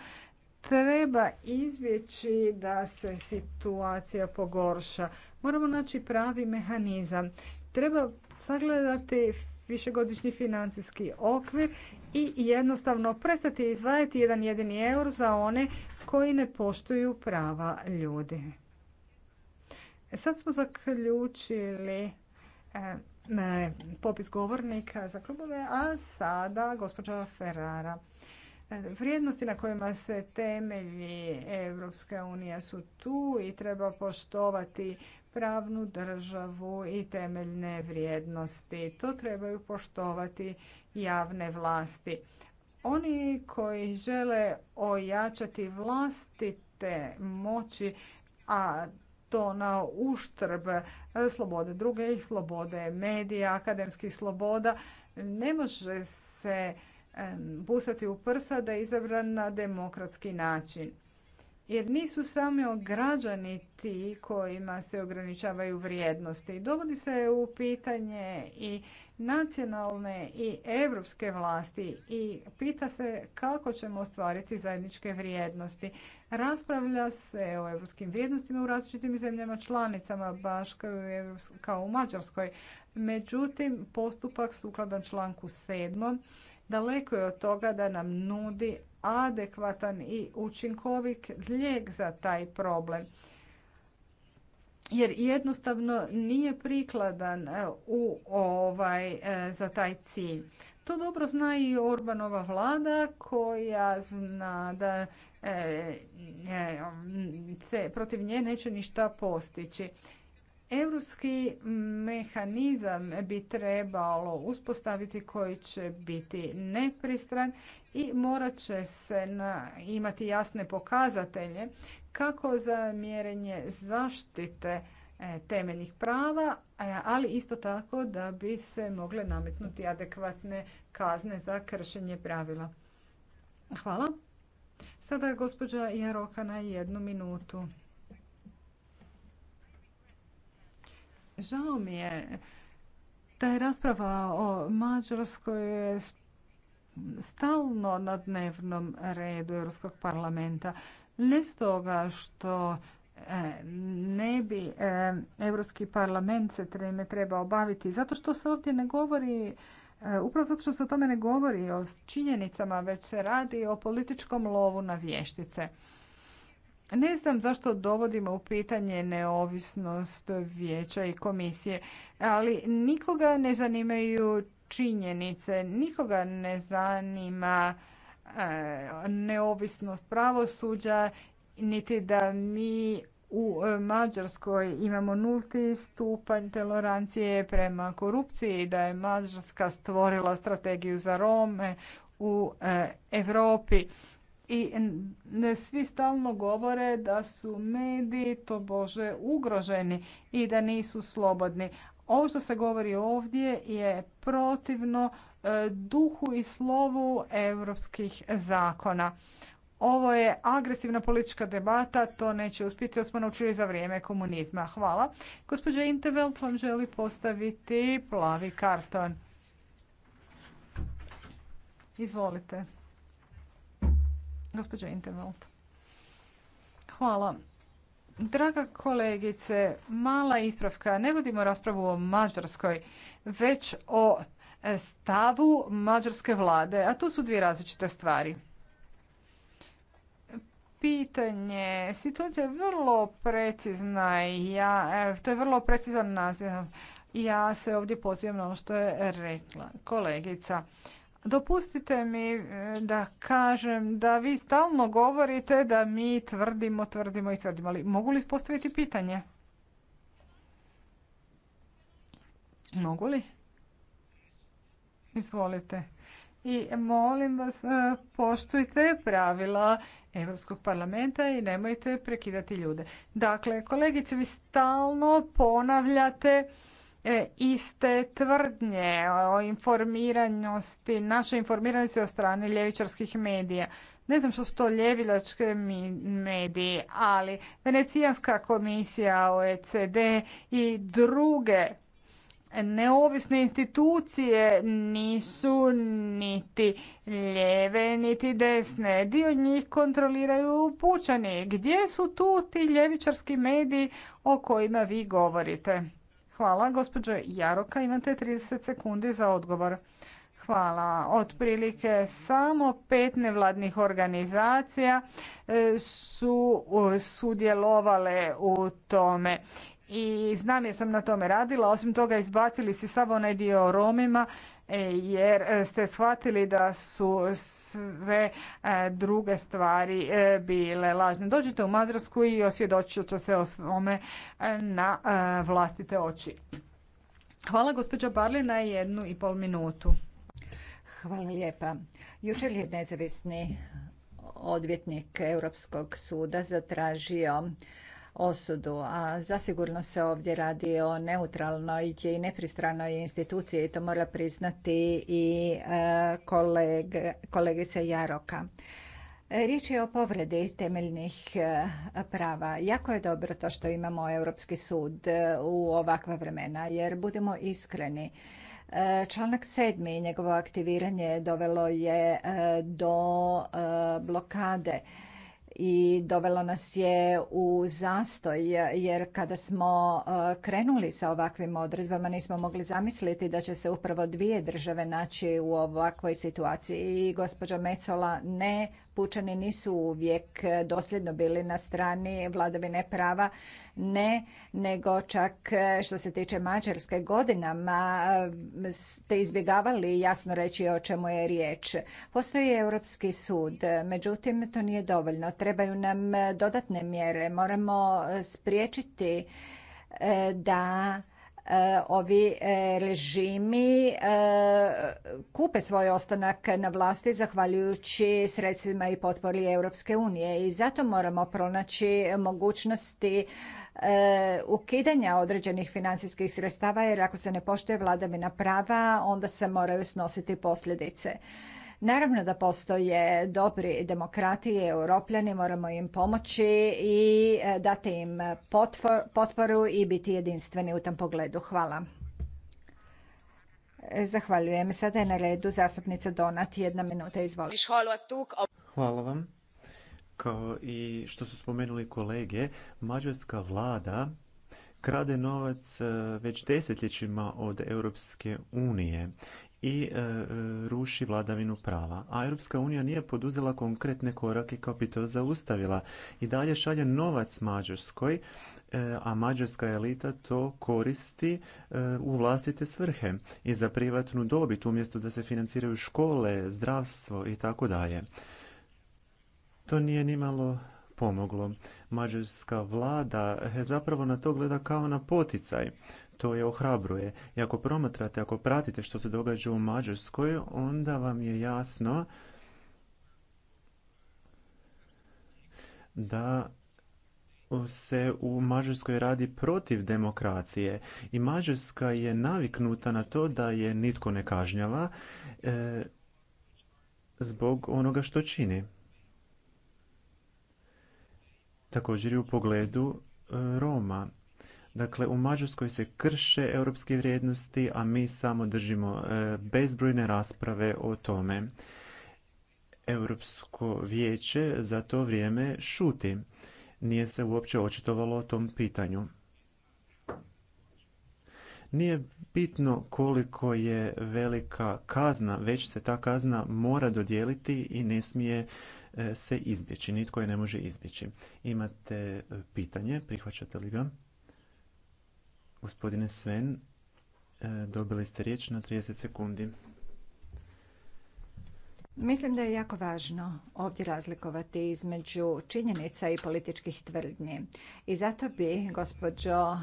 S2: treba izbjeći da se situacija pogorša. Moramo naći pravi mehanizam. Treba sagledati višegodišnji financijski okvir i jednostavno prestati izdvajati jedan jedini euro za one koji ne poštuju prava ljudi. E, sad smo zaključili e, popis govornika za klubove, a sada gospođa Ferrara. E, vrijednosti na kojima se temelji Evropska unija su tu i treba poštovati pravnu državu i temeljne vrijednosti. To trebaju poštovati javne vlasti. Oni koji žele ojačati vlastite moći, a to na uštrb slobode druge i slobode medija, akademskih sloboda. Ne može se busati u prsa da je izabran na demokratski način jer nisu samo građani ti kojima se ograničavaju vrijednosti. Dovodi se u pitanje i nacionalne i europske vlasti i pita se kako ćemo ostvariti zajedničke vrijednosti. Raspravlja se o europskim vrijednostima u različitim zemljama članicama, baš kao u Mađarskoj. Međutim, postupak sukladan članku sedmom Daleko je od toga da nam nudi adekvatan i učinkovit lijek za taj problem. Jer jednostavno nije prikladan e, u ovaj, e, za taj cilj. To dobro zna i Orbanova vlada koja zna da e, se protiv nje neće ništa postići. Europski mehanizam bi trebalo uspostaviti koji će biti nepristran i morat će se imati jasne pokazatelje kako za mjerenje zaštite e, temeljnih prava, e, ali isto tako da bi se mogle nametnuti adekvatne kazne za kršenje pravila. Hvala. Sada gospođa Jaroka na jednu minutu. Žao mi je da je rasprava o Mađarskoj stalno na dnevnom redu Europskog parlamenta. Ne stoga što e, ne bi e, Europski parlament se treme trebao baviti, zato što se ovdje ne govori e, Upravo zato što se o tome ne govori o činjenicama, već se radi o političkom lovu na vještice. Ne znam zašto dovodimo u pitanje neovisnost vijeća i komisije, ali nikoga ne zanimaju činjenice, nikoga ne zanima e, neovisnost pravosuđa, niti da mi u Mađarskoj imamo nulti stupanj tolerancije prema korupciji, da je Mađarska stvorila strategiju za Rome u e, Europi i svi stalno govore da su mediji to bože ugroženi i da nisu slobodni. Ovo što se govori ovdje je protivno e, duhu i slovu europskih zakona. Ovo je agresivna politička debata, to neće uspjeti, jer smo naučili za vrijeme komunizma. Hvala. Gospođa Intervelt vam želi postaviti plavi karton. Izvolite. Gospođa Hvala. Draga kolegice, mala ispravka. Ne vodimo raspravu o Mađarskoj, već o e, stavu mađarske vlade, a to su dvije različite stvari. Pitanje, situacija je vrlo precizna i ja, e, to je vrlo precizan naziv. Ja se ovdje pozivam na ono što je rekla kolegica. Dopustite mi e, da kažem da vi stalno govorite da mi tvrdimo, tvrdimo i tvrdimo. Ali mogu li postaviti pitanje? Mogu li? Izvolite. I molim vas, e, poštujte pravila Europskog parlamenta i nemojte prekidati ljude. Dakle, kolegice, vi stalno ponavljate E, iste tvrdnje o informiranosti, naše informiranosti od strani ljevičarskih medija. Ne znam što su to ljevilačke mediji, ali Venecijanska komisija, OECD i druge neovisne institucije nisu niti ljeve niti desne. Dio njih kontroliraju pučani. Gdje su tu ti ljevičarski mediji o kojima vi govorite? Hvala. Gospođo Jaroka, imate 30 sekundi za odgovor. Hvala. Otprilike samo pet nevladnih organizacija e, su sudjelovale u tome. I znam jer sam na tome radila. Osim toga izbacili si samo onaj dio Romima jer e, ste shvatili da su sve e, druge stvari e, bile lažne. Dođite u Mađarsku i osvjedočite se o svome na
S3: vlastite oči. Hvala gospođa Barli na jednu i pol minutu. Hvala lijepa. Jučer je nezavisni odvjetnik Europskog suda zatražio osudu, a zasigurno se ovdje radi o neutralnoj i nepristranoj instituciji i to mora priznati i e, kolegice kolegica Jaroka. Riječ je o povredi temeljnih e, prava. Jako je dobro to što imamo Europski sud e, u ovakva vremena, jer budemo iskreni. Članak 7. i njegovo aktiviranje dovelo je do blokade i dovelo nas je u zastoj jer kada smo e, krenuli sa ovakvim odredbama nismo mogli zamisliti da će se upravo dvije države naći u ovakvoj situaciji i gospođa Mecola ne pučani nisu uvijek dosljedno bili na strani vladavine prava, ne, nego čak e, što se tiče Mađarske godinama e, ste izbjegavali jasno reći o čemu je riječ. Postoji Europski sud, međutim to nije dovoljno. Trebaju nam dodatne mjere. Moramo spriječiti e, da E, ovi e, režimi e, kupe svoj ostanak na vlasti zahvaljujući sredstvima i potpori Europske unije i zato moramo pronaći mogućnosti ukidanja određenih financijskih sredstava jer ako se ne poštuje vladavina prava onda se moraju snositi posljedice. Naravno da postoje dobri demokrati, europljani, moramo im pomoći i e, dati im potporu i biti jedinstveni u tom pogledu. Hvala. E, zahvaljujem. Sada je na redu zastupnica Donat. Jedna minuta, izvolite.
S1: Hvala vam. Kao i što su spomenuli kolege, mađarska vlada krade novac e, već desetljećima od Europske unije i e, e, ruši vladavinu prava. A Europska unija nije poduzela konkretne korake kao bi to zaustavila. I dalje šalje novac Mađarskoj, e, a mađarska elita to koristi u vlastite svrhe i za privatnu dobit umjesto da se financiraju škole, zdravstvo i tako dalje. To nije nimalo pomoglo. Mađarska vlada zapravo na to gleda kao na poticaj to je ohrabruje. I ako promatrate, ako pratite što se događa u Mađarskoj, onda vam je jasno da se u Mađarskoj radi protiv demokracije i Mađarska je naviknuta na to da je nitko ne kažnjava e, zbog onoga što čini. Također i u pogledu e, Roma Dakle, u Mađarskoj se krše europske vrijednosti, a mi samo držimo e, bezbrojne rasprave o tome. Europsko vijeće za to vrijeme šuti. Nije se uopće očitovalo o tom pitanju. Nije bitno koliko je velika kazna, već se ta kazna mora dodijeliti i ne smije e, se izbjeći. Nitko je ne može izbjeći. Imate e, pitanje, prihvaćate li ga? Gospodine Sven, e, dobili ste riječ na 30 sekundi.
S3: Mislim da je jako važno ovdje razlikovati između činjenica i političkih tvrdnji. I zato bi, gospođo,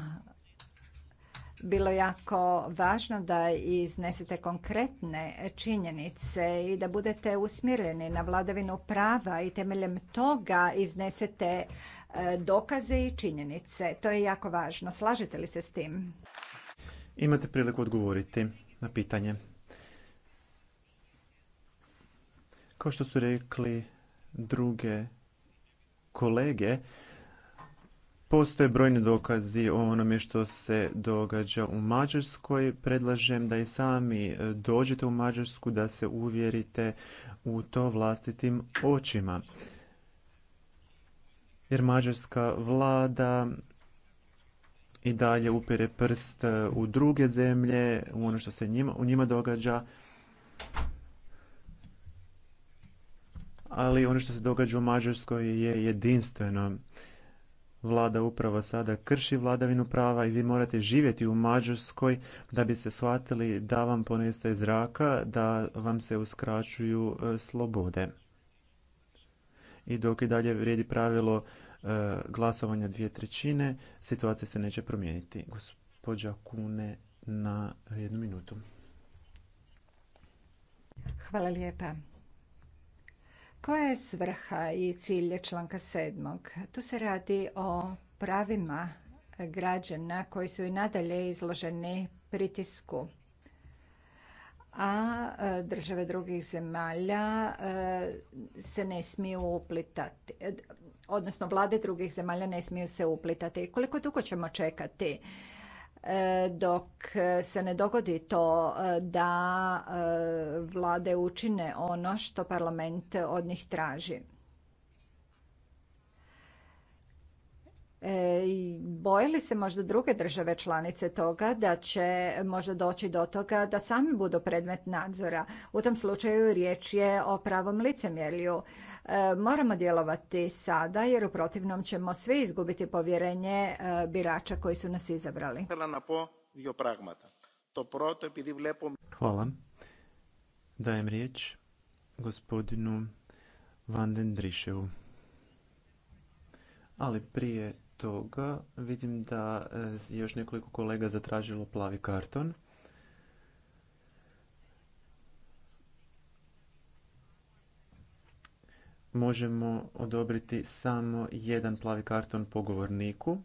S3: bilo jako važno da iznesete konkretne činjenice i da budete usmjereni na vladavinu prava i temeljem toga iznesete E, dokaze i činjenice. To je jako važno. Slažete li se s tim?
S1: Imate priliku odgovoriti na pitanje. Kao što su rekli druge kolege, Postoje brojni dokazi o onome što se događa u Mađarskoj. Predlažem da i sami e, dođete u Mađarsku da se uvjerite u to vlastitim očima jer mađarska vlada i dalje upire prst e, u druge zemlje, u ono što se njima, u njima događa. Ali ono što se događa u Mađarskoj je jedinstveno. Vlada upravo sada krši vladavinu prava i vi morate živjeti u Mađarskoj da bi se shvatili da vam poneste zraka, da vam se uskraćuju e, slobode i dok i dalje vrijedi pravilo e, glasovanja dvije trećine, situacija se neće promijeniti. Gospođa Kune na jednu minutu.
S3: Hvala lijepa. Koja je svrha i cilj članka sedmog? Tu se radi o pravima građana koji su i nadalje izloženi pritisku a e, države drugih zemalja e, se ne smiju uplitati, e, odnosno vlade drugih zemalja ne smiju se uplitati. Koliko dugo ćemo čekati dok se ne dogodi to da vlade učine ono što parlament od njih traži? E, boje li se možda druge države članice toga da će možda doći do toga da sami budu predmet nadzora? U tom slučaju riječ je o pravom licemjerju. E, moramo djelovati sada jer u protivnom ćemo svi izgubiti povjerenje e, birača koji su nas izabrali. Hvala.
S1: Dajem riječ gospodinu Van Driševu. Ali prije toga vidim da je još nekoliko kolega zatražilo plavi karton. Možemo odobriti samo jedan plavi karton po govorniku.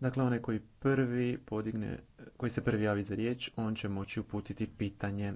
S1: Dakle, onaj koji prvi podigne, koji se prvi javi za riječ, on će moći uputiti pitanje.